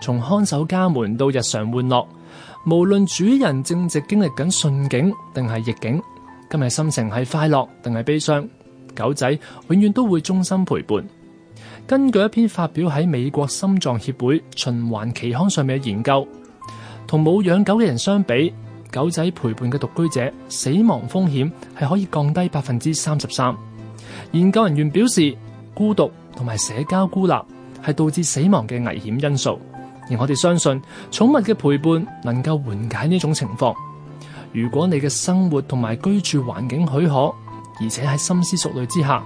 從看守家門到日常玩樂，無論主人正值經歷緊順境定係逆境，今日心情係快樂定係悲傷，狗仔永遠都會忠心陪伴。根據一篇發表喺美國心臟協會循環期刊上面嘅研究，同冇養狗嘅人相比，狗仔陪伴嘅獨居者死亡風險係可以降低百分之三十三。研究人員表示，孤獨同埋社交孤立係導致死亡嘅危險因素。而我哋相信，寵物嘅陪伴能夠緩解呢種情況。如果你嘅生活同埋居住環境許可，而且喺深思熟慮之下，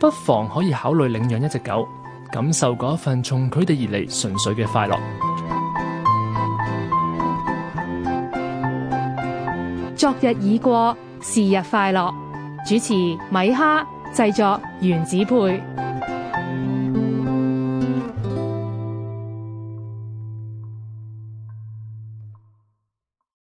不妨可以考慮領養一隻狗，感受嗰一份從佢哋而嚟純粹嘅快樂。昨日已過，是日快樂。主持米哈，製作原子配。